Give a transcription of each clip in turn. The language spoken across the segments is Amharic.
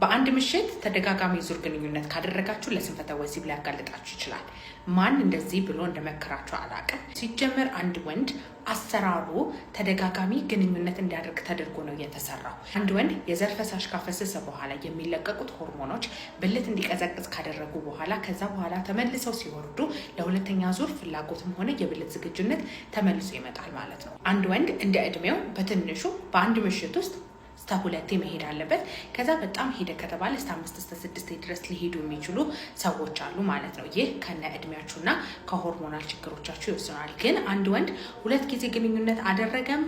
በአንድ ምሽት ተደጋጋሚ ዙር ግንኙነት ካደረጋችሁ ለስንፈተ ወሲብ ሊያጋልጣችሁ ይችላል። ማን እንደዚህ ብሎ እንደመከራችሁ አላውቅም። ሲጀመር አንድ ወንድ አሰራሩ ተደጋጋሚ ግንኙነት እንዲያደርግ ተደርጎ ነው የተሰራው። አንድ ወንድ የዘር ፈሳሽ ካፈሰሰ በኋላ የሚለቀቁት ሆርሞኖች ብልት እንዲቀዘቅዝ ካደረጉ በኋላ ከዛ በኋላ ተመልሰው ሲወርዱ ለሁለተኛ ዙር ፍላጎትም ሆነ የብልት ዝግጁነት ተመልሶ ይመጣል ማለት ነው። አንድ ወንድ እንደ ዕድሜው በትንሹ በአንድ ምሽት ውስጥ እስከ ሁለቴ መሄድ አለበት። ከዛ በጣም ሄደ ከተባለ እስከ አምስት እስከ ስድስት ድረስ ሊሄዱ የሚችሉ ሰዎች አሉ ማለት ነው። ይህ ከነ እድሜያችሁና ከሆርሞናል ችግሮቻችሁ ይወስናል። ግን አንድ ወንድ ሁለት ጊዜ ግንኙነት አደረገም፣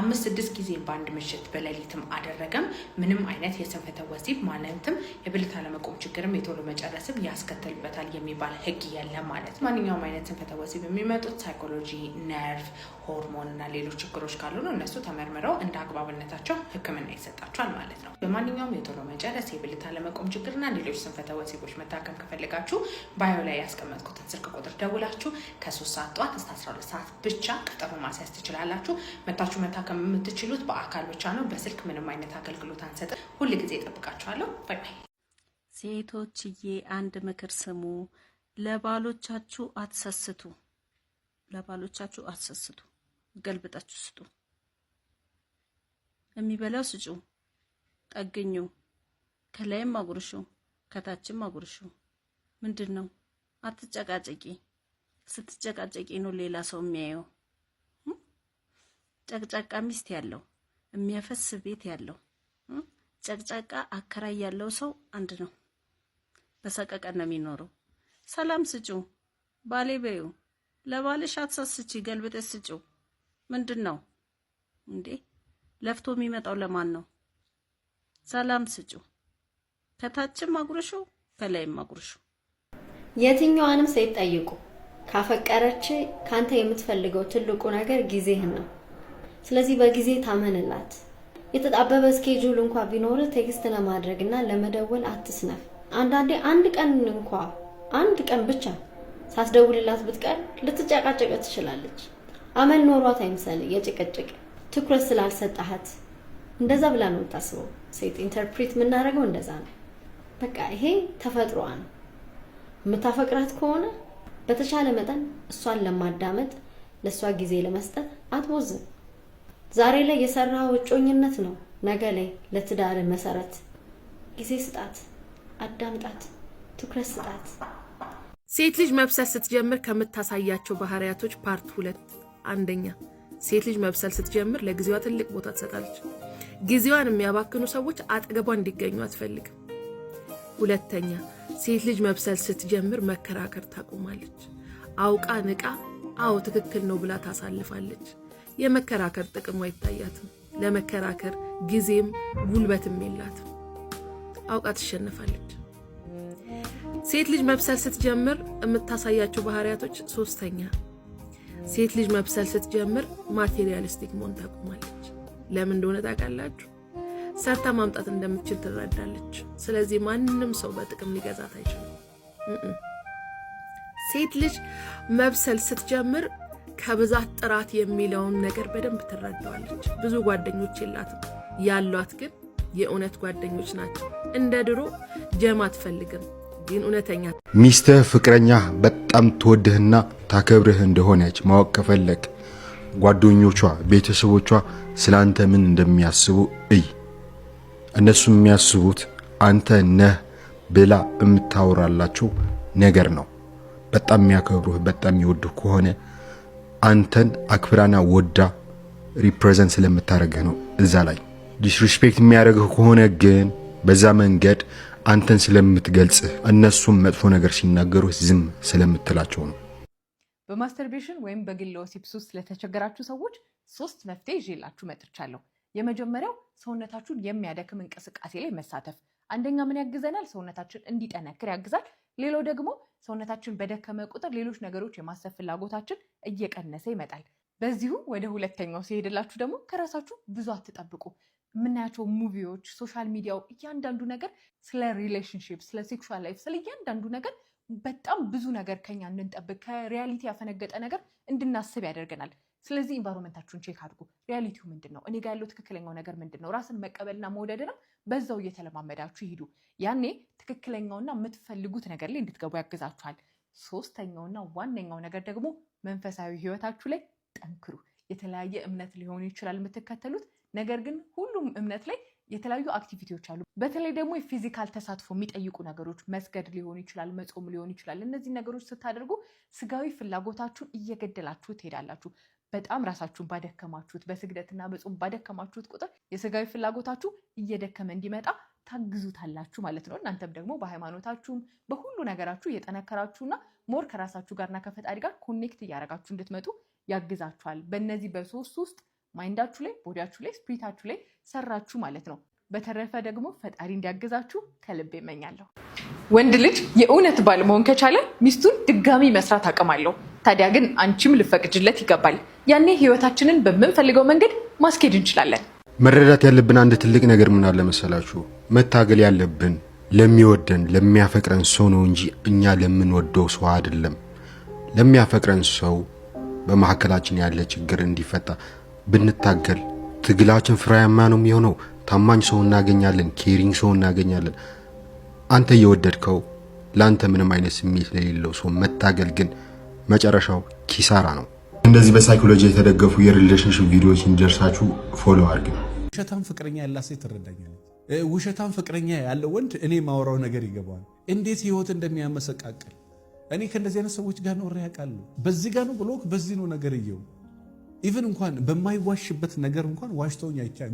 አምስት ስድስት ጊዜ በአንድ ምሽት በሌሊትም አደረገም ምንም አይነት የስንፈተ ወሲብ ማለትም የብልት አለመቆም ችግርም የቶሎ መጨረስም ያስከትልበታል የሚባል ህግ የለም ማለት ማንኛውም አይነት ስንፈተ ወሲብ የሚመጡት ሳይኮሎጂ፣ ነርቭ፣ ሆርሞን እና ሌሎች ችግሮች ካሉ ነው። እነሱ ተመርምረው እንደ አግባብነታቸው ህክምና ይሰጣቸዋል ማለት ነው። በማንኛውም የቶሎ መጨረስ፣ የብልት አለመቆም ችግርና ሌሎች ስንፈተ ወሲቦች መታከም ከፈለጋችሁ ባዮ ላይ ያስቀመጥኩትን ስልክ ቁጥር ደውላችሁ ከሶስት ሰዓት ጠዋት እስከ 12 ሰዓት ብቻ ቀጠሮ ማስያዝ ትችላላችሁ። መታችሁ መታከም የምትችሉት በአካል ብቻ ነው። በስልክ ምንም አይነት አገልግሎት አንሰጥም። ሁል ጊዜ ይጠብቃችኋለሁ። ባይ ባይ። ሴቶችዬ አንድ ምክር ስሙ። ለባሎቻችሁ አትሰስቱ፣ ለባሎቻችሁ አትሰስቱ። ገልብጣችሁ ስጡ። የሚበላው ስጩ፣ ጠግኙ፣ ከላይም አጉርሹ፣ ከታችም አጉርሹ። ምንድን ነው? አትጨቃጨቂ። ስትጨቃጨቂ ነው ሌላ ሰው የሚያየው። ጨቅጫቃ ሚስት ያለው የሚያፈስ ቤት ያለው ጨቅጫቃ አከራይ ያለው ሰው አንድ ነው። በሰቀቀን ነው የሚኖረው። ሰላም ስጩ፣ ባሌ በዩ። ለባልሽ አትሳስቺ፣ ገልብጠሽ ስጩ። ምንድን ነው እንዴ? ለፍቶ የሚመጣው ለማን ነው? ሰላም ስጩ። ከታችም አጉርሹ፣ ከላይም አጉርሹ። የትኛዋንም ሴት ጠይቁ። ካፈቀረች ካንተ የምትፈልገው ትልቁ ነገር ጊዜህን ነው። ስለዚህ በጊዜ ታመንላት። የተጣበበ ስኬጁል እንኳ ቢኖር ቴክስት ለማድረግና ለመደወል አትስነፍ። አንዳንዴ አንድ ቀን እንኳ አንድ ቀን ብቻ ሳስደውልላት ብትቀር ልትጨቃጨቀ ትችላለች። አመል ኖሯት አይምሰል የጭቅጭቅ ትኩረት ስላልሰጣሃት እንደዛ ብላ ነው የምታስበው ሴት። ኢንተርፕሪት የምናደርገው እንደዛ ነው። በቃ ይሄ ተፈጥሮዋ ነው። የምታፈቅራት ከሆነ በተቻለ መጠን እሷን ለማዳመጥ ለእሷ ጊዜ ለመስጠት አትወዝም ዛሬ ላይ የሰራ እጮኝነት ነው ነገ ላይ ለትዳር መሰረት። ጊዜ ስጣት፣ አዳምጣት፣ ትኩረት ስጣት። ሴት ልጅ መብሰት ስትጀምር ከምታሳያቸው ባህሪያቶች ፓርት ሁለት አንደኛ ሴት ልጅ መብሰል ስትጀምር ለጊዜዋ ትልቅ ቦታ ትሰጣለች። ጊዜዋን የሚያባክኑ ሰዎች አጠገቧ እንዲገኙ አትፈልግም። ሁለተኛ፣ ሴት ልጅ መብሰል ስትጀምር መከራከር ታቆማለች። አውቃ ንቃ፣ አዎ ትክክል ነው ብላ ታሳልፋለች። የመከራከር ጥቅሙ አይታያትም። ለመከራከር ጊዜም ጉልበትም የላትም። አውቃ ትሸነፋለች። ሴት ልጅ መብሰል ስትጀምር የምታሳያቸው ባህሪያቶች ሶስተኛ ሴት ልጅ መብሰል ስትጀምር ማቴሪያሊስቲክ መሆን ታቆማለች። ለምን እንደሆነ ታውቃላችሁ? ሰርታ ማምጣት እንደምትችል ትረዳለች። ስለዚህ ማንም ሰው በጥቅም ሊገዛት አይችልም። ሴት ልጅ መብሰል ስትጀምር ከብዛት ጥራት የሚለውን ነገር በደንብ ትረዳዋለች። ብዙ ጓደኞች የላትም። ያሏት ግን የእውነት ጓደኞች ናቸው። እንደ ድሮ ጀም አትፈልግም። ግን እውነተኛ ሚስትህ ፍቅረኛ በጣም ትወድህና ታከብርህ እንደሆነች ማወቅ ከፈለግ ጓደኞቿ፣ ቤተሰቦቿ ስለ አንተ ምን እንደሚያስቡ እይ። እነሱ የሚያስቡት አንተ ነህ ብላ የምታወራላቸው ነገር ነው። በጣም የሚያከብሩህ በጣም የሚወዱህ ከሆነ አንተን አክብራና ወዳ ሪፕሬዘንት ስለምታደርግህ ነው። እዛ ላይ ዲስሪስፔክት የሚያደርግህ ከሆነ ግን በዛ መንገድ አንተን ስለምትገልጽህ እነሱም መጥፎ ነገር ሲናገሩ ዝም ስለምትላቸው ነው። በማስተርቤሽን ወይም በግል ወሲብ ሱስ ለተቸገራችሁ ሰዎች ሶስት መፍትሄ ይዤላችሁ መጥቻለሁ። የመጀመሪያው ሰውነታችሁን የሚያደክም እንቅስቃሴ ላይ መሳተፍ። አንደኛ ምን ያግዘናል? ሰውነታችን እንዲጠነክር ያግዛል። ሌላው ደግሞ ሰውነታችን በደከመ ቁጥር ሌሎች ነገሮች የማሰብ ፍላጎታችን እየቀነሰ ይመጣል። በዚሁ ወደ ሁለተኛው ሲሄድላችሁ ደግሞ ከራሳችሁ ብዙ አትጠብቁ። የምናያቸው ሙቪዎች፣ ሶሻል ሚዲያው፣ እያንዳንዱ ነገር ስለ ሪሌሽንሽፕ፣ ስለ ሴክሹዋል ላይፍ፣ ስለ እያንዳንዱ ነገር በጣም ብዙ ነገር ከኛ እንድንጠብቅ ከሪያሊቲ ያፈነገጠ ነገር እንድናስብ ያደርገናል። ስለዚህ ኢንቫይሮንመንታችሁን ቼክ አድርጉ። ሪያሊቲው ምንድን ነው? እኔ ጋር ያለው ትክክለኛው ነገር ምንድን ነው? ራስን መቀበልና መውደድንም በዛው እየተለማመዳችሁ ይሄዱ ያኔ ትክክለኛውና የምትፈልጉት ነገር ላይ እንድትገቡ ያግዛችኋል። ሶስተኛውና ዋነኛው ነገር ደግሞ መንፈሳዊ ህይወታችሁ ላይ ጠንክሩ። የተለያየ እምነት ሊሆን ይችላል የምትከተሉት ነገር ግን ሁሉም እምነት ላይ የተለያዩ አክቲቪቲዎች አሉ። በተለይ ደግሞ የፊዚካል ተሳትፎ የሚጠይቁ ነገሮች መስገድ ሊሆን ይችላል፣ መጾም ሊሆን ይችላል። እነዚህ ነገሮች ስታደርጉ ስጋዊ ፍላጎታችሁን እየገደላችሁ ትሄዳላችሁ። በጣም ራሳችሁን ባደከማችሁት በስግደትና በጾም ባደከማችሁት ቁጥር የስጋዊ ፍላጎታችሁ እየደከመ እንዲመጣ ታግዙታላችሁ ማለት ነው። እናንተም ደግሞ በሃይማኖታችሁም በሁሉ ነገራችሁ እየጠነከራችሁና ሞር ከራሳችሁ ጋርና ከፈጣሪ ጋር ኮኔክት እያደረጋችሁ እንድትመጡ ያግዛችኋል። በእነዚህ በሶስት ውስጥ ማይንዳችሁ ላይ፣ ቦዲያችሁ ላይ፣ ስፕሪታችሁ ላይ ሰራችሁ ማለት ነው። በተረፈ ደግሞ ፈጣሪ እንዲያግዛችሁ ከልብ ይመኛለሁ። ወንድ ልጅ የእውነት ባል መሆን ከቻለ ሚስቱን ድጋሚ መስራት አቅም አለው። ታዲያ ግን አንቺም ልፈቅጅለት ይገባል። ያኔ ህይወታችንን በምንፈልገው መንገድ ማስኬድ እንችላለን። መረዳት ያለብን አንድ ትልቅ ነገር ምን አለ መሰላችሁ? መታገል ያለብን ለሚወደን ለሚያፈቅረን ሰው ነው እንጂ እኛ ለምንወደው ሰው አይደለም። ለሚያፈቅረን ሰው በመሀከላችን ያለ ችግር እንዲፈታ ብንታገል ትግላችን ፍሬያማ ነው የሚሆነው። ታማኝ ሰው እናገኛለን፣ ኬሪንግ ሰው እናገኛለን። አንተ እየወደድከው ለአንተ ምንም አይነት ስሜት ለሌለው ሰው መታገል ግን መጨረሻው ኪሳራ ነው። እንደዚህ በሳይኮሎጂ የተደገፉ የሪሌሽንሽፕ ቪዲዮዎች እንደርሳችሁ ፎሎ አድርግ። ውሸታም ፍቅረኛ ያላት ሴት ትረዳኛለች። ውሸታም ፍቅረኛ ያለ ወንድ እኔ ማውራው ነገር ይገባዋል፣ እንዴት ህይወት እንደሚያመሰቃቅል። እኔ ከእንደዚህ አይነት ሰዎች ጋር ነው ያውቃሉ በዚህ ጋር ነው ብሎክ፣ በዚህ ነው ነገር እየው ኢቨን እንኳን በማይዋሽበት ነገር እንኳን ዋሽተውኝ አይቻል።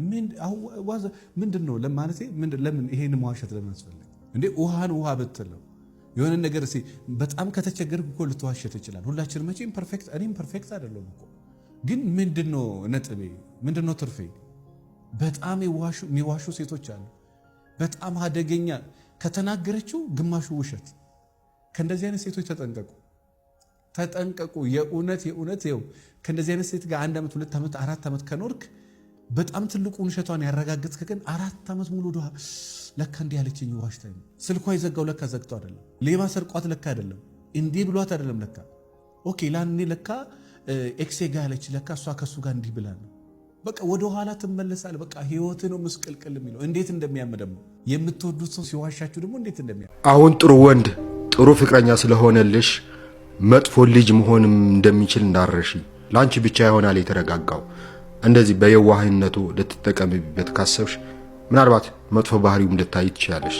ምንድን ነው ለማለቴ ለምን ይሄን መዋሸት ለምን አስፈለገ እንዴ? ውሃን ውሃ ብትለው የሆነ ነገር ሲ በጣም ከተቸገርክ እኮ ልትዋሸ ይችላል። ሁላችን መቼም ፐርፌክት እኔም ፐርፌክት አይደለም እኮ ግን ምንድነው ነጥቤ? ምንድነው ትርፌ? በጣም የሚዋሹ ሴቶች አሉ። በጣም አደገኛ ከተናገረችው ግማሹ ውሸት። ከእንደዚህ አይነት ሴቶች ተጠንቀቁ። ተጠንቀቁ። የእውነት የእውነት ው ከእንደዚህ አይነት ሴት ጋር አንድ ዓመት ሁለት ዓመት አራት ዓመት ከኖርክ በጣም ትልቁ ውሸቷን ያረጋገጥክ ግን አራት ዓመት ሙሉ ድ ለካ እንዲህ ያለችኝ ዋሽታ ስልኳ የዘጋው ለካ ዘግተው አይደለም ሌባ ሰርቋት ለካ አይደለም እንዲህ ብሏት አይደለም ለካ ኦኬ ላኔ ለካ ኤክሴ ጋ ያለች ለካ እሷ ከሱ ጋር እንዲህ ብላ ነው በቃ ወደ ኋላ ትመለሳል። በቃ ህይወት ነው ምስቅልቅል የሚለው እንዴት እንደሚያም ደግሞ የምትወዱት ሰው ሲዋሻችሁ ደግሞ እንዴት እንደሚያ አሁን ጥሩ ወንድ ጥሩ ፍቅረኛ ስለሆነልሽ መጥፎ ልጅ መሆንም እንደሚችል እንዳረሺ ለአንቺ ብቻ ይሆናል የተረጋጋው። እንደዚህ በየዋህነቱ ልትጠቀምበት ካሰብሽ ምናልባት መጥፎ ባህሪውም ልታይ ትችላለች።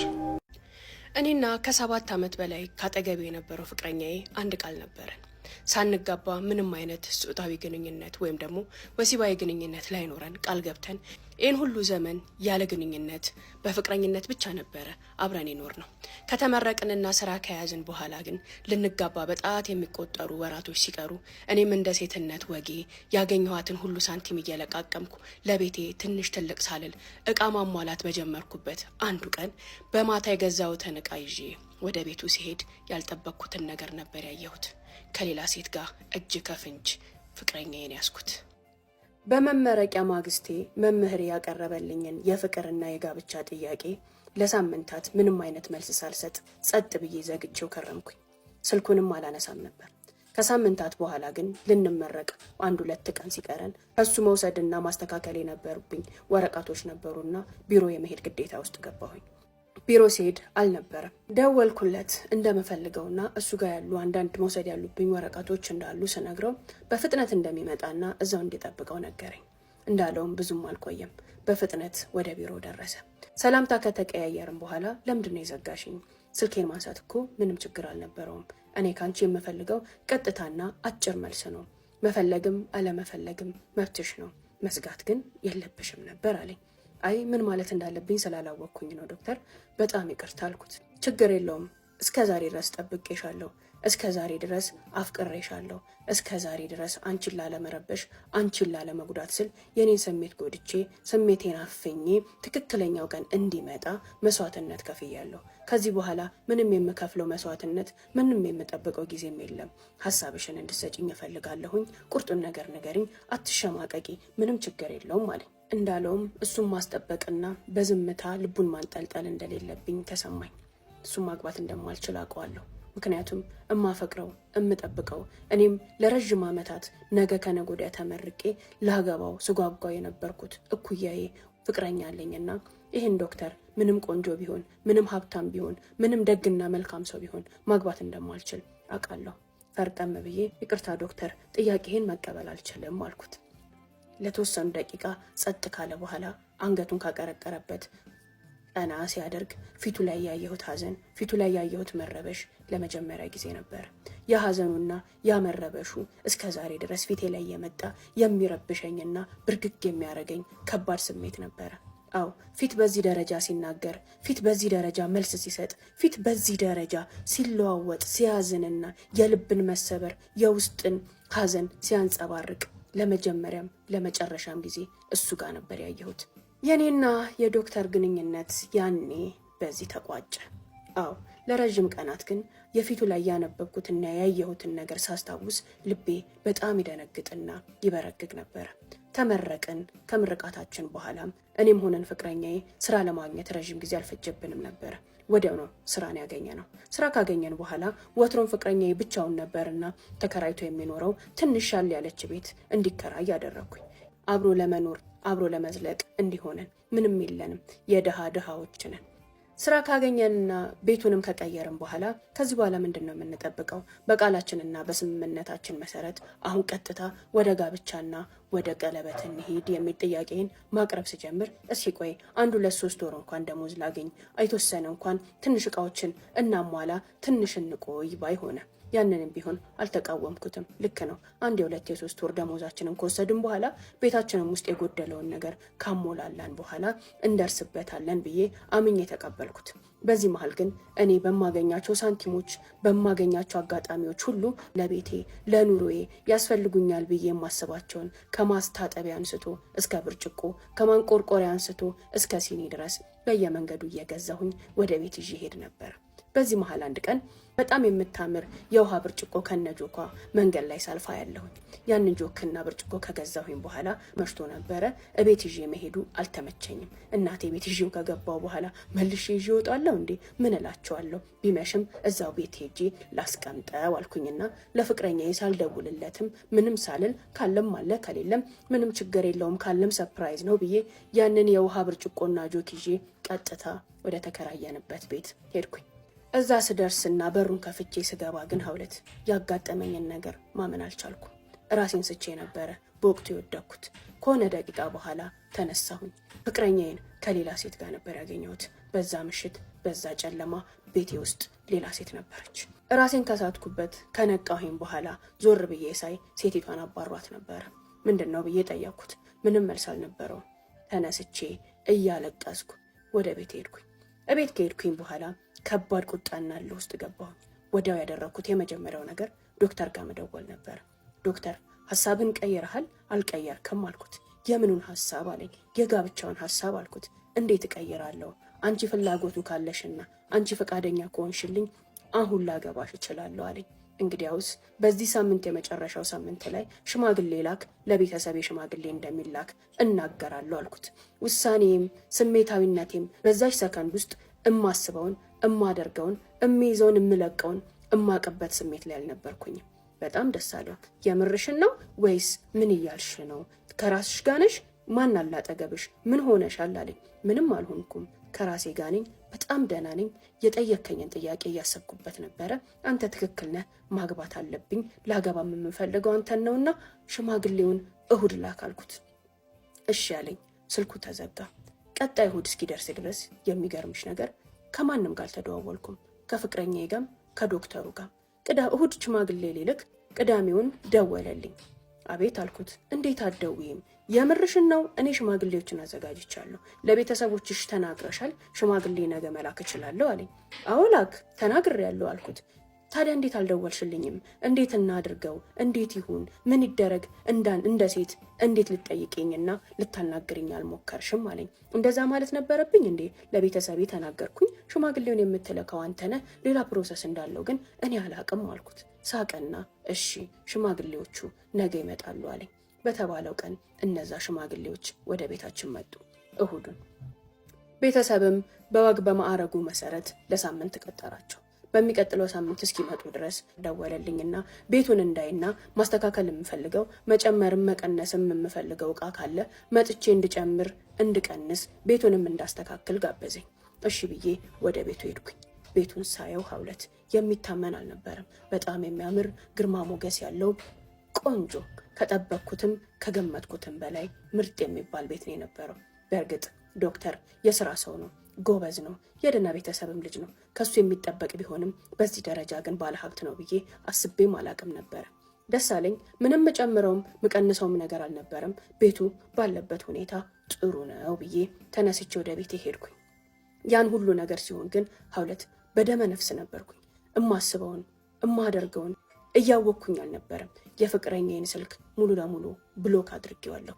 እኔና ከሰባት ዓመት በላይ ካጠገቤ የነበረው ፍቅረኛዬ አንድ ቃል ነበረን። ሳንጋባ ምንም አይነት ጾታዊ ግንኙነት ወይም ደግሞ ወሲባዊ ግንኙነት ላይኖረን ቃል ገብተን ይህን ሁሉ ዘመን ያለ ግንኙነት በፍቅረኝነት ብቻ ነበረ አብረን ይኖር ነው። ከተመረቅንና ስራ ከያዝን በኋላ ግን ልንጋባ በጣት የሚቆጠሩ ወራቶች ሲቀሩ እኔም እንደ ሴትነት ወጌ ያገኘኋትን ሁሉ ሳንቲም እየለቃቀምኩ ለቤቴ ትንሽ ትልቅ ሳልል እቃ ማሟላት በጀመርኩበት አንዱ ቀን በማታ የገዛሁትን እቃ ይዤ ወደ ቤቱ ሲሄድ ያልጠበቅኩትን ነገር ነበር ያየሁት። ከሌላ ሴት ጋር እጅ ከፍንጅ ፍቅረኛዬን ያስኩት። በመመረቂያ ማግስቴ መምህር ያቀረበልኝን የፍቅርና የጋብቻ ጥያቄ ለሳምንታት ምንም አይነት መልስ ሳልሰጥ ጸጥ ብዬ ዘግቼው ከረምኩኝ። ስልኩንም አላነሳም ነበር። ከሳምንታት በኋላ ግን ልንመረቅ አንድ ሁለት ቀን ሲቀረን እሱ መውሰድና ማስተካከል የነበሩብኝ ወረቀቶች ነበሩና ቢሮ የመሄድ ግዴታ ውስጥ ገባሁኝ። ቢሮ ሲሄድ አልነበረም። ደወልኩለት እንደምፈልገውና እሱ ጋር ያሉ አንዳንድ መውሰድ ያሉብኝ ወረቀቶች እንዳሉ ስነግረው በፍጥነት እንደሚመጣና እዛው እንዲጠብቀው ነገረኝ። እንዳለውም ብዙም አልቆየም፣ በፍጥነት ወደ ቢሮ ደረሰ። ሰላምታ ከተቀያየርም በኋላ ነው የዘጋሽኝ? ስልኬን ማንሳት እኮ ምንም ችግር አልነበረውም። እኔ ካንቺ የምፈልገው ቀጥታና አጭር መልስ ነው። መፈለግም አለመፈለግም መብትሽ ነው፣ መዝጋት ግን የለብሽም ነበር አለኝ። አይ ምን ማለት እንዳለብኝ ስላላወቅኩኝ ነው ዶክተር፣ በጣም ይቅርታ አልኩት። ችግር የለውም እስከ ዛሬ ድረስ ጠብቄሻለሁ፣ እስከ ዛሬ ድረስ አፍቅሬሻለሁ፣ እስከ ዛሬ ድረስ አንቺን ላለመረበሽ፣ አንቺን ላለመጉዳት ስል የኔን ስሜት ጎድቼ ስሜቴን አፍኜ ትክክለኛው ቀን እንዲመጣ መስዋዕትነት ከፍያለሁ። ከዚህ በኋላ ምንም የምከፍለው መስዋዕትነት፣ ምንም የምጠብቀው ጊዜም የለም። ሀሳብሽን እንድሰጭኝ እፈልጋለሁኝ። ቁርጡን ነገር ንገሪኝ፣ አትሸማቀቂ፣ ምንም ችግር የለውም አለኝ። እንዳለውም እሱን ማስጠበቅና በዝምታ ልቡን ማንጠልጠል እንደሌለብኝ ተሰማኝ። እሱን ማግባት እንደማልችል አውቀዋለሁ። ምክንያቱም እማፈቅረው እምጠብቀው እኔም ለረዥም ዓመታት ነገ ከነጎዳ ተመርቄ ላገባው ስጓጓው የነበርኩት እኩያዬ ፍቅረኛ አለኝና ይህን ዶክተር ምንም ቆንጆ ቢሆን ምንም ሀብታም ቢሆን ምንም ደግና መልካም ሰው ቢሆን ማግባት እንደማልችል አውቃለሁ። ፈርጠም ብዬ ይቅርታ ዶክተር፣ ጥያቄህን መቀበል አልችልም አልኩት። ለተወሰኑ ደቂቃ ጸጥ ካለ በኋላ አንገቱን ካቀረቀረበት ቀና ሲያደርግ ፊቱ ላይ ያየሁት ሐዘን ፊቱ ላይ ያየሁት መረበሽ ለመጀመሪያ ጊዜ ነበር። የሐዘኑና ያመረበሹ እስከ ዛሬ ድረስ ፊቴ ላይ የመጣ የሚረብሸኝና ብርግግ የሚያደርገኝ ከባድ ስሜት ነበረ። አው ፊት በዚህ ደረጃ ሲናገር፣ ፊት በዚህ ደረጃ መልስ ሲሰጥ፣ ፊት በዚህ ደረጃ ሲለዋወጥ፣ ሲያዝንና የልብን መሰበር የውስጥን ሐዘን ሲያንጸባርቅ ለመጀመሪያም ለመጨረሻም ጊዜ እሱ ጋር ነበር ያየሁት። የኔና የዶክተር ግንኙነት ያኔ በዚህ ተቋጨ። አዎ ለረዥም ቀናት ግን የፊቱ ላይ ያነበብኩትና ያየሁትን ነገር ሳስታውስ ልቤ በጣም ይደነግጥና ይበረግግ ነበር። ተመረቅን። ከምርቃታችን በኋላም እኔም ሆነን ፍቅረኛዬ ስራ ለማግኘት ረዥም ጊዜ አልፈጀብንም ነበር። ወዲያው ነው ስራን ያገኘ ነው። ስራ ካገኘን በኋላ ወትሮን ፍቅረኛዬ ብቻውን ነበርና ተከራይቶ የሚኖረው ትንሽ ያል ያለች ቤት እንዲከራይ ያደረግኩኝ። አብሮ ለመኖር አብሮ ለመዝለቅ እንዲሆነን ምንም የለንም፣ የድሃ ድሃዎች ነን። ስራ ካገኘንና ቤቱንም ከቀየርን በኋላ ከዚህ በኋላ ምንድን ነው የምንጠብቀው? በቃላችንና በስምምነታችን መሰረት አሁን ቀጥታ ወደ ጋብቻና ወደ ቀለበት እንሂድ የሚል ጥያቄን ማቅረብ ስጀምር፣ እስኪ ቆይ አንድ ሁለት ሶስት ወር እንኳን ደሞዝ ላገኝ፣ አይተወሰነ እንኳን ትንሽ እቃዎችን እናሟላ፣ ትንሽ እንቆይ ባይሆነ ያንንም ቢሆን አልተቃወምኩትም። ልክ ነው። አንድ የሁለት የሶስት ወር ደሞዛችንን ከወሰድን በኋላ ቤታችንም ውስጥ የጎደለውን ነገር ካሞላላን በኋላ እንደርስበታለን ብዬ አምኜ የተቀበልኩት። በዚህ መሀል ግን እኔ በማገኛቸው ሳንቲሞች በማገኛቸው አጋጣሚዎች ሁሉ ለቤቴ ለኑሮዬ ያስፈልጉኛል ብዬ የማስባቸውን ከማስታጠቢያ አንስቶ እስከ ብርጭቆ ከማንቆርቆሪያ አንስቶ እስከ ሲኒ ድረስ በየመንገዱ እየገዛሁኝ ወደ ቤት ይዤ ሄድ ነበር። በዚህ መሀል አንድ ቀን በጣም የምታምር የውሃ ብርጭቆ ከነ ጆኳ መንገድ ላይ ሳልፋ ያለሁኝ። ያንን ጆክና ብርጭቆ ከገዛሁኝ በኋላ መሽቶ ነበረ። እቤት ይዤ መሄዱ አልተመቸኝም። እናቴ ቤት ይዤው ከገባው በኋላ መልሼ ይዤ እወጣለሁ እንዴ? ምን እላቸዋለሁ? ቢመሽም እዛው ቤት ሄጄ ላስቀምጠው አልኩኝና ለፍቅረኛዬ ሳልደውልለትም ምንም ሳልል ካለም አለ ከሌለም ምንም ችግር የለውም ካለም ሰፕራይዝ ነው ብዬ ያንን የውሃ ብርጭቆና ጆክ ይዤ ቀጥታ ወደ ተከራየንበት ቤት ሄድኩኝ። እዛ ስደርስና በሩን ከፍቼ ስገባ ግን ሀውለት ያጋጠመኝን ነገር ማመን አልቻልኩም። ራሴን ስቼ ነበረ በወቅቱ የወደኩት። ከሆነ ደቂቃ በኋላ ተነሳሁኝ። ፍቅረኛዬን ከሌላ ሴት ጋር ነበር ያገኘሁት። በዛ ምሽት፣ በዛ ጨለማ ቤቴ ውስጥ ሌላ ሴት ነበረች። ራሴን ከሳትኩበት ከነቃሁኝ በኋላ ዞር ብዬ ሳይ ሴቲቷን አባሯት ነበረ። ምንድን ነው ብዬ ጠየቅኩት። ምንም መልስ አልነበረውም። ተነስቼ እያለቀስኩ ወደ ቤት ሄድኩኝ። እቤት ከሄድኩኝ በኋላ ከባድ ቁጣና እልህ ውስጥ ገባሁ። ወዲያው ያደረግኩት የመጀመሪያው ነገር ዶክተር ጋር መደወል ነበር። ዶክተር ሀሳብን ቀይረሃል? አልቀየርክም አልኩት። የምኑን ሀሳብ አለኝ። የጋብቻውን ሀሳብ አልኩት። እንዴት እቀይራለሁ? አንቺ ፍላጎቱ ካለሽና አንቺ ፈቃደኛ ከሆንሽልኝ አሁን ላገባሽ እችላለሁ አለኝ። እንግዲያውስ በዚህ ሳምንት የመጨረሻው ሳምንት ላይ ሽማግሌ ላክ፣ ለቤተሰብ ሽማግሌ እንደሚላክ እናገራለሁ አልኩት። ውሳኔም ስሜታዊነቴም በዛች ሰከንድ ውስጥ እማስበውን እማደርገውን እሚይዘውን እምለቀውን እማቀበት ስሜት ላይ አልነበርኩኝም። በጣም ደስ አለው። የምርሽን ነው ወይስ ምን እያልሽ ነው? ከራስሽ ጋነሽ? ማን አላጠገብሽ? ምን ሆነሻል? አለኝ። ምንም አልሆንኩም፣ ከራሴ ጋነኝ፣ በጣም ደህና ነኝ። የጠየከኝን ጥያቄ እያሰብኩበት ነበረ። አንተ ትክክል ነህ፣ ማግባት አለብኝ። ላገባም የምንፈልገው አንተን ነውና ሽማግሌውን እሁድ ላክ አልኩት። እሺ አለኝ። ስልኩ ተዘጋ። ቀጣይ እሁድ እስኪደርስ ድረስ የሚገርምሽ ነገር ከማንም ጋር አልተደዋወልኩም። ከፍቅረኛ ጋም ከዶክተሩ ጋር ቅዳ እሁድ ሽማግሌ ሊልክ ቅዳሜውን ደወለልኝ። አቤት አልኩት። እንዴት አደውይም? የምርሽን ነው? እኔ ሽማግሌዎችን አዘጋጅቻለሁ። ለቤተሰቦችሽ ተናግረሻል? ሽማግሌ ነገ መላክ እችላለሁ አለኝ። አዎ ላክ፣ ተናግሬያለሁ አልኩት። ታዲያ እንዴት አልደወልሽልኝም? እንዴት እናድርገው? እንዴት ይሁን? ምን ይደረግ? እንዳን እንደ ሴት እንዴት ልጠይቅኝና ልታናግርኝ አልሞከርሽም አለኝ። እንደዛ ማለት ነበረብኝ እንዴ? ለቤተሰቤ ተናገርኩኝ። ሽማግሌውን የምትለከው አንተነህ፣ ሌላ ፕሮሰስ እንዳለው ግን እኔ አላቅም አልኩት። ሳቀና እሺ ሽማግሌዎቹ ነገ ይመጣሉ አለኝ። በተባለው ቀን እነዛ ሽማግሌዎች ወደ ቤታችን መጡ። እሁዱን ቤተሰብም በወግ በማዕረጉ መሰረት ለሳምንት ቀጠራቸው። በሚቀጥለው ሳምንት እስኪመጡ ድረስ ደወለልኝና ቤቱን እንዳይና ማስተካከል የምፈልገው መጨመርም መቀነስም የምፈልገው እቃ ካለ መጥቼ እንድጨምር እንድቀንስ፣ ቤቱንም እንዳስተካክል ጋበዘኝ። እሺ ብዬ ወደ ቤቱ ሄድኩኝ። ቤቱን ሳየው ሀውለት የሚታመን አልነበረም። በጣም የሚያምር ግርማ ሞገስ ያለው ቆንጆ ከጠበቅኩትም ከገመትኩትም በላይ ምርጥ የሚባል ቤት ነው የነበረው። በእርግጥ ዶክተር የስራ ሰው ነው። ጎበዝ ነው፣ የደህና ቤተሰብም ልጅ ነው። ከሱ የሚጠበቅ ቢሆንም በዚህ ደረጃ ግን ባለሀብት ነው ብዬ አስቤም አላቅም ነበረ። ደሳለኝ ምንም መጨምረውም ምቀንሰውም ነገር አልነበረም። ቤቱ ባለበት ሁኔታ ጥሩ ነው ብዬ ተነስቼ ወደ ቤቴ ሄድኩኝ። ያን ሁሉ ነገር ሲሆን ግን ሀውለት በደመ ነፍስ ነበርኩኝ። እማስበውን እማደርገውን እያወቅኩኝ አልነበረም። የፍቅረኛዬን ስልክ ሙሉ ለሙሉ ብሎክ አድርጌዋለሁ።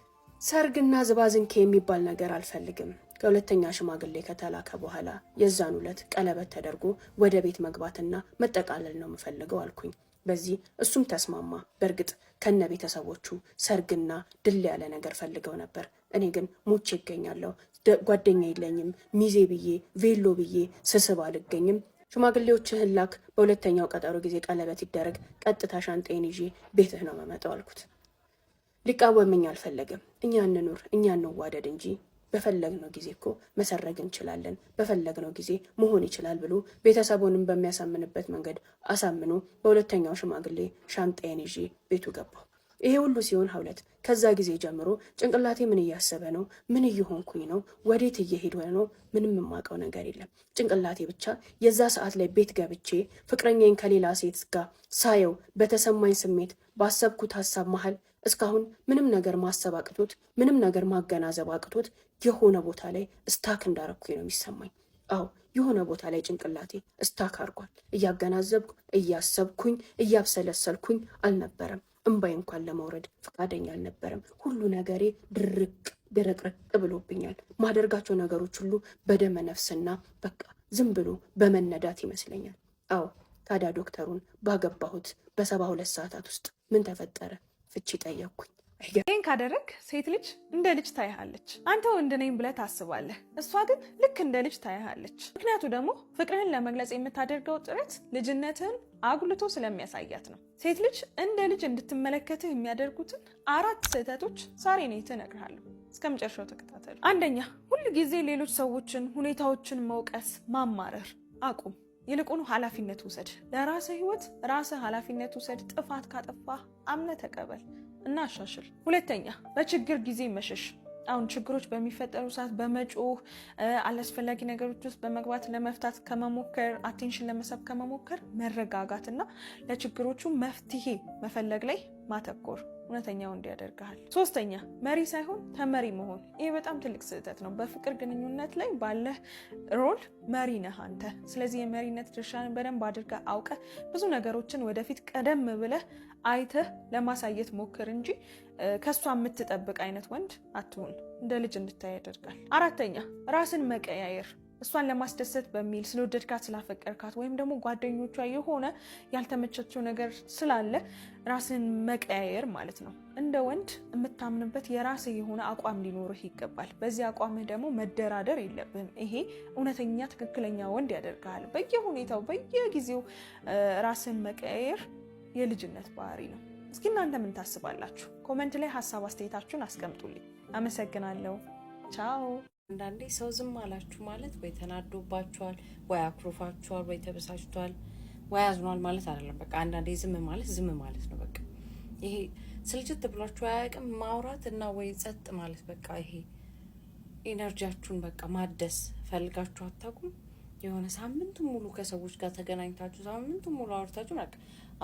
ሰርግና ዝባዝንኬ የሚባል ነገር አልፈልግም። ከሁለተኛ ሽማግሌ ከተላከ በኋላ የዛን ዕለት ቀለበት ተደርጎ ወደ ቤት መግባትና መጠቃለል ነው የምፈልገው አልኩኝ። በዚህ እሱም ተስማማ። በእርግጥ ከነ ቤተሰቦቹ ሰርግና ድል ያለ ነገር ፈልገው ነበር። እኔ ግን ሙቼ ይገኛለሁ። ጓደኛ የለኝም። ሚዜ ብዬ ቬሎ ብዬ ስስብ አልገኝም። ሽማግሌዎችህን ላክ፣ በሁለተኛው ቀጠሮ ጊዜ ቀለበት ይደረግ፣ ቀጥታ ሻንጤን ይዤ ቤትህ ነው መመጠው አልኩት። ሊቃወምኝ አልፈለገም። እኛ እንኑር፣ እኛ እንዋደድ እንጂ በፈለግነው ጊዜ እኮ መሰረግ እንችላለን፣ በፈለግነው ጊዜ መሆን ይችላል ብሎ ቤተሰቡንም በሚያሳምንበት መንገድ አሳምኖ በሁለተኛው ሽማግሌ ሻንጣዬን ይዤ ቤቱ ገባሁ። ይሄ ሁሉ ሲሆን ሀውለት ከዛ ጊዜ ጀምሮ ጭንቅላቴ ምን እያሰበ ነው? ምን እየሆንኩኝ ነው? ወዴት እየሄድ ነው? ምንም የማውቀው ነገር የለም። ጭንቅላቴ ብቻ የዛ ሰዓት ላይ ቤት ገብቼ ፍቅረኛዬን ከሌላ ሴት ጋር ሳየው በተሰማኝ ስሜት ባሰብኩት ሀሳብ መሀል እስካሁን ምንም ነገር ማሰብ አቅቶት ምንም ነገር ማገናዘብ አቅቶት የሆነ ቦታ ላይ እስታክ እንዳረኩኝ ነው የሚሰማኝ። አዎ የሆነ ቦታ ላይ ጭንቅላቴ ስታክ አድርጓል። እያገናዘብኩ እያሰብኩኝ እያብሰለሰልኩኝ አልነበረም። እምባይ እንኳን ለመውረድ ፈቃደኛ አልነበረም። ሁሉ ነገሬ ድርቅ ድርቅርቅ ብሎብኛል። ማደርጋቸው ነገሮች ሁሉ በደመ ነፍስና በቃ ዝም ብሎ በመነዳት ይመስለኛል። አዎ ታዲያ ዶክተሩን ባገባሁት በሰባ ሁለት ሰዓታት ውስጥ ምን ተፈጠረ? ፍቺ ጠየቅኩኝ። ይህን ካደረግ ሴት ልጅ እንደ ልጅ ታይሃለች። አንተ ወንድ ነኝ ብለህ ታስባለህ፣ እሷ ግን ልክ እንደ ልጅ ታይሃለች። ምክንያቱ ደግሞ ፍቅርህን ለመግለጽ የምታደርገው ጥረት ልጅነትህን አጉልቶ ስለሚያሳያት ነው። ሴት ልጅ እንደ ልጅ እንድትመለከትህ የሚያደርጉትን አራት ስህተቶች ዛሬ እኔ እነግርሃለሁ። እስከ መጨረሻው ተከታተሉ። አንደኛ፣ ሁል ጊዜ ሌሎች ሰዎችን፣ ሁኔታዎችን መውቀስ፣ ማማረር አቁም። ይልቁኑ ኃላፊነት ውሰድ። ለራስህ ህይወት ራስህ ኃላፊነት ውሰድ። ጥፋት ካጠፋ አምነ ተቀበል እና አሻሽል። ሁለተኛ በችግር ጊዜ መሸሽ። አሁን ችግሮች በሚፈጠሩ ሰዓት በመጮህ አላስፈላጊ ነገሮች ውስጥ በመግባት ለመፍታት ከመሞከር አቴንሽን ለመሳብ ከመሞከር መረጋጋት እና ለችግሮቹ መፍትሄ መፈለግ ላይ ማተኮር ወንድ እንዲያደርግሃል። ሶስተኛ መሪ ሳይሆን ተመሪ መሆን። ይህ በጣም ትልቅ ስህተት ነው። በፍቅር ግንኙነት ላይ ባለህ ሮል መሪ ነህ አንተ። ስለዚህ የመሪነት ድርሻን በደንብ አድርገህ አውቀህ ብዙ ነገሮችን ወደፊት ቀደም ብለህ አይተህ ለማሳየት ሞክር እንጂ ከእሷ የምትጠብቅ አይነት ወንድ አትሁን። እንደ ልጅ እንድታይ ያደርጋል። አራተኛ ራስን መቀያየር እሷን ለማስደሰት በሚል ስለወደድካት ስላፈቀርካት ወይም ደግሞ ጓደኞቿ የሆነ ያልተመቸቸው ነገር ስላለ ራስን መቀያየር ማለት ነው። እንደ ወንድ የምታምንበት የራስ የሆነ አቋም ሊኖርህ ይገባል። በዚህ አቋምህ ደግሞ መደራደር የለብህም። ይሄ እውነተኛ ትክክለኛ ወንድ ያደርግሃል። በየሁኔታው በየጊዜው ራስን መቀያየር የልጅነት ባህሪ ነው። እስኪ እናንተ ምን ታስባላችሁ? ኮመንት ላይ ሀሳብ አስተያየታችሁን አስቀምጡልኝ። አመሰግናለሁ። ቻው አንዳንዴ ሰው ዝም አላችሁ ማለት ወይ ተናዶባችኋል፣ ወይ አኩርፏችኋል፣ ወይ ተበሳጭቷል፣ ወይ አዝኗል ማለት አይደለም። በቃ አንዳንዴ ዝም ማለት ዝም ማለት ነው። በቃ ይሄ ስልጭት ብሏችሁ አያውቅም ማውራት እና ወይ ጸጥ ማለት በቃ ይሄ ኢነርጂያችሁን በቃ ማደስ ፈልጋችሁ አታውቁም። የሆነ ሳምንቱን ሙሉ ከሰዎች ጋር ተገናኝታችሁ ሳምንቱ ሙሉ አውርታችሁ በቃ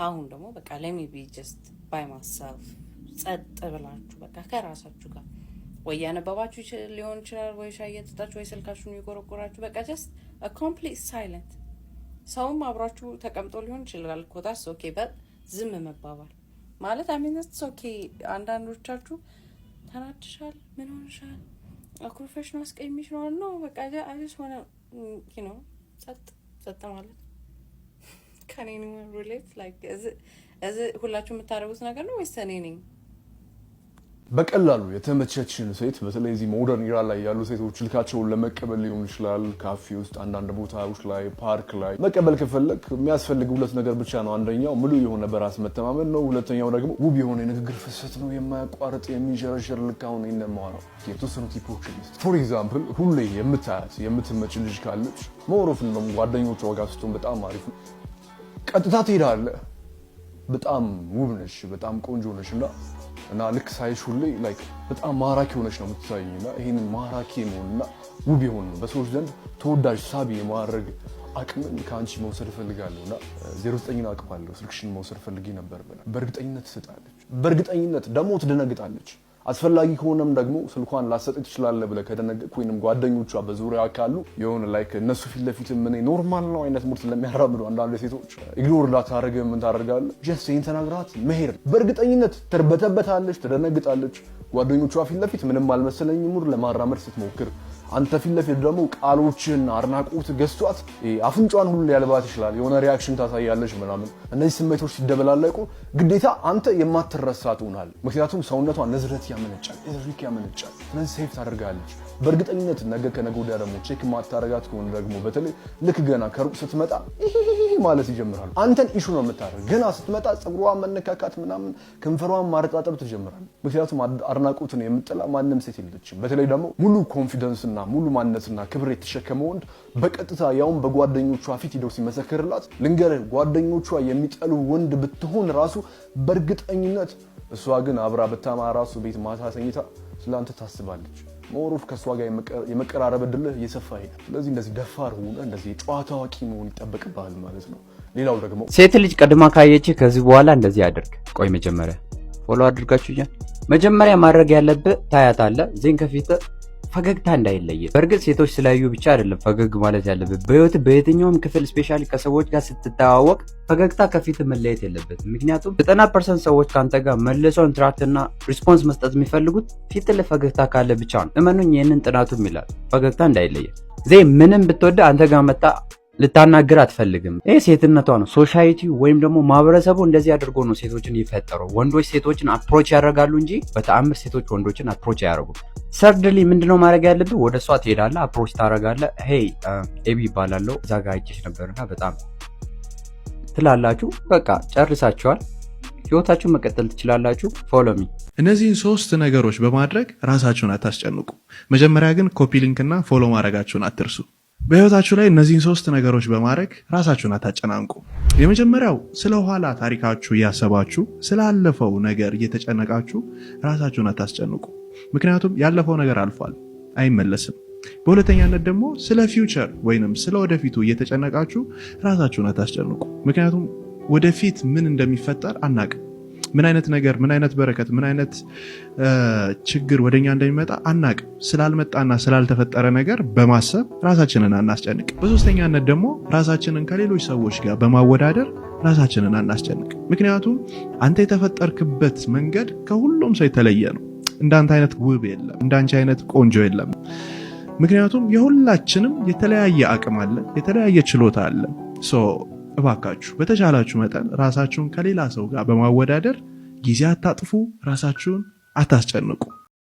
አሁን ደግሞ በቃ ለሜቢ ጀስት ባይ ማሳብ ጸጥ ብላችሁ በቃ ከራሳችሁ ጋር ወይ እያነበባችሁ ሊሆን ይችላል፣ ወይ ሻይ እየጠጣችሁ፣ ወይ ስልካችሁን እየጎረጎራችሁ፣ በቃ ጀስት ኮምፕሊት ሳይለንት። ሰውም አብሯችሁ ተቀምጦ ሊሆን ይችላል ኮታስ ኦኬ በት ዝም መባባል ማለት አሚነትስ ኦኬ። አንዳንዶቻችሁ ተናድሻል፣ ምን ሆንሻል፣ አኩርፈሽ ነው አስቀይሚሽ ነው ነው በቃ አዲስ ሆነ ነው ጸጥ ጸጥ ማለት ከኔ ሪሌት ላይክ እዚህ ሁላችሁ የምታደርጉት ነገር ነው ወይስ እኔ ነኝ? በቀላሉ የተመቸችን ሴት በተለይ እዚህ ሞደርን ኢራ ላይ ያሉ ሴቶች ልካቸውን ለመቀበል ሊሆን ይችላል። ካፌ ውስጥ፣ አንዳንድ ቦታዎች ላይ፣ ፓርክ ላይ መቀበል ከፈለግ የሚያስፈልግ ሁለት ነገር ብቻ ነው። አንደኛው ሙሉ የሆነ በራስ መተማመን ነው። ሁለተኛው ደግሞ ውብ የሆነ የንግግር ፍሰት ነው። የማያቋርጥ የሚሸረሸር ልካሁን ይነማዋ ነው። የተወሰኑ ቲፖችን ፎር ኤግዛምፕል ሁሌ የምታያት የምትመች ልጅ ካለች መወረፍን ደግሞ ጓደኞቹ ዋጋ ስትሆን በጣም አሪፍ ቀጥታ ትሄዳለ። በጣም ውብ ነሽ፣ በጣም ቆንጆ ነሽ እና እና ልክ ሳይሽ ሁሌ ላይክ በጣም ማራኪ ሆነች ነው የምትታየኝ እና ይህን ማራኪ የመሆንና ውብ የሆን በሰዎች ዘንድ ተወዳጅ ሳቢ የማድረግ አቅምን ከአንቺ መውሰድ እፈልጋለሁ እና ዜሮ ዘጠኝን አቅም ስልክሽን መውሰድ ፈልጌ ነበር ብላ በእርግጠኝነት ትሰጣለች። በእርግጠኝነት ደግሞ ትደነግጣለች። አስፈላጊ ከሆነም ደግሞ ስልኳን ላሰጥ ትችላለ ብለ ወይም ጓደኞቿ በዙሪያ ካሉ የሆነ ላይ እነሱ ፊት ለፊት ምን ኖርማል ነው አይነት ሙርት ለሚያራምዱ አንዳንድ ሴቶች ኢግኖር ላታደርግ ምን ታደርጋለ? ጀስት ይህን ተናግራት መሄድ። በእርግጠኝነት ትርበተበታለች፣ ትደነግጣለች። ጓደኞቿ ፊት ለፊት ምንም አልመሰለኝ ሙር ለማራመድ ስትሞክር አንተ ፊት ለፊት ደግሞ ቃሎችህና አድናቆት ገዝቷት አፍንጫን ሁሉ ሊያልባት ይችላል። የሆነ ሪያክሽን ታሳያለች ምናምን። እነዚህ ስሜቶች ሲደበላለቁ ግዴታ አንተ የማትረሳ ትሆናል። ምክንያቱም ሰውነቷ ነዝረት ያመነጫል፣ ኤሌክትሪክ ያመነጫል። ስለዚህ ሴፍ ታደርጋለች። በእርግጠኝነት ነገ ከነገ ወዲያ ደግሞ ቼክ ማታረጋት ከሆነ ደግሞ በተለይ ልክ ገና ከሩቅ ስትመጣ ማለት ይጀምራሉ። አንተን ኢሹ ነው የምታደርግ። ገና ስትመጣ ፀጉሯ መነካካት ምናምን፣ ከንፈሯን ማረጣጠብ ትጀምራል። ምክንያቱም አድናቆትን የምጠላ ማንም ሴት የለችም። በተለይ ደግሞ ሙሉ ኮንፊደንስና ሙሉ ማንነትና ክብር የተሸከመ ወንድ በቀጥታ ያውም በጓደኞቿ ፊት ሂደው ሲመሰክርላት ልንገር ጓደኞቿ የሚጠሉ ወንድ ብትሆን ራሱ በእርግጠኝነት እሷ ግን አብራ ብታማ ራሱ ቤት ማታ ተኝታ ስለአንተ ታስባለች። ሞሩፍ ከእሷ ጋር የመቀራረብ እድልህ እየሰፋ ይሄዳል። ስለዚህ እንደዚህ ደፋር ሆነ እንደዚህ ጨዋታ አዋቂ መሆን ይጠበቅብሃል ማለት ነው። ሌላው ደግሞ ሴት ልጅ ቀድማ ካየች ከዚህ በኋላ እንደዚህ አድርግ፣ ቆይ መጀመሪያ ፎሎ አድርጋችሁኛል። መጀመሪያ ማድረግ ያለብህ ታያታለህ፣ ዜን ከፊት ፈገግታ እንዳይለየ። በእርግጥ ሴቶች ስለያዩ ብቻ አይደለም ፈገግ ማለት ያለበት። በህይወት በየትኛውም ክፍል ስፔሻሊ ከሰዎች ጋር ስትተዋወቅ ፈገግታ ከፊት መለየት የለበት። ምክንያቱም ዘጠና ፐርሰንት ሰዎች ከአንተ ጋር መልሶ ኢንትራክት እና ሪስፖንስ መስጠት የሚፈልጉት ፊት ፈገግታ ካለ ብቻ ነው። እመኑኝ፣ ይህንን ጥናቱም ይላል። ፈገግታ እንዳይለየ ዜ ምንም ብትወደ አንተ ጋር መጣ ልታናግር አትፈልግም። ይህ ሴትነቷ ነው። ሶሳይቲ ወይም ደግሞ ማህበረሰቡ እንደዚህ አድርጎ ነው ሴቶችን የፈጠረው። ወንዶች ሴቶችን አፕሮች ያደርጋሉ እንጂ በተአምር ሴቶች ወንዶችን አፕሮች አያደርጉም። ሰርድሊ ምንድነው ማድረግ ያለብህ? ወደ እሷ ትሄዳለህ፣ አፕሮች ታደርጋለህ። ሄይ ኤቢ ይባላለው እዛ ጋ አይቼሽ ነበርና በጣም ትላላችሁ። በቃ ጨርሳችኋል። ህይወታችሁን መቀጠል ትችላላችሁ። ፎሎሚ እነዚህን ሶስት ነገሮች በማድረግ ራሳችሁን አታስጨንቁ። መጀመሪያ ግን ኮፒ ሊንክና ፎሎ ማድረጋችሁን አትርሱ። በህይወታችሁ ላይ እነዚህን ሶስት ነገሮች በማድረግ ራሳችሁን አታጨናንቁ። የመጀመሪያው ስለ ኋላ ታሪካችሁ እያሰባችሁ ስላለፈው ነገር እየተጨነቃችሁ ራሳችሁን አታስጨንቁ፣ ምክንያቱም ያለፈው ነገር አልፏል፣ አይመለስም። በሁለተኛነት ደግሞ ስለ ፊውቸር ወይንም ስለ ወደፊቱ እየተጨነቃችሁ ራሳችሁን አታስጨንቁ፣ ምክንያቱም ወደፊት ምን እንደሚፈጠር አናቅም። ምን አይነት ነገር፣ ምን አይነት በረከት፣ ምን አይነት ችግር ወደኛ እንደሚመጣ አናቅም። ስላልመጣና ስላልተፈጠረ ነገር በማሰብ ራሳችንን አናስጨንቅ። በሶስተኛነት ደግሞ ራሳችንን ከሌሎች ሰዎች ጋር በማወዳደር ራሳችንን አናስጨንቅ። ምክንያቱም አንተ የተፈጠርክበት መንገድ ከሁሉም ሰው የተለየ ነው። እንዳንተ አይነት ውብ የለም፣ እንዳንቺ አይነት ቆንጆ የለም። ምክንያቱም የሁላችንም የተለያየ አቅም አለ፣ የተለያየ ችሎታ አለ። እባካችሁ በተቻላችሁ መጠን ራሳችሁን ከሌላ ሰው ጋር በማወዳደር ጊዜ አታጥፉ፣ ራሳችሁን አታስጨንቁ።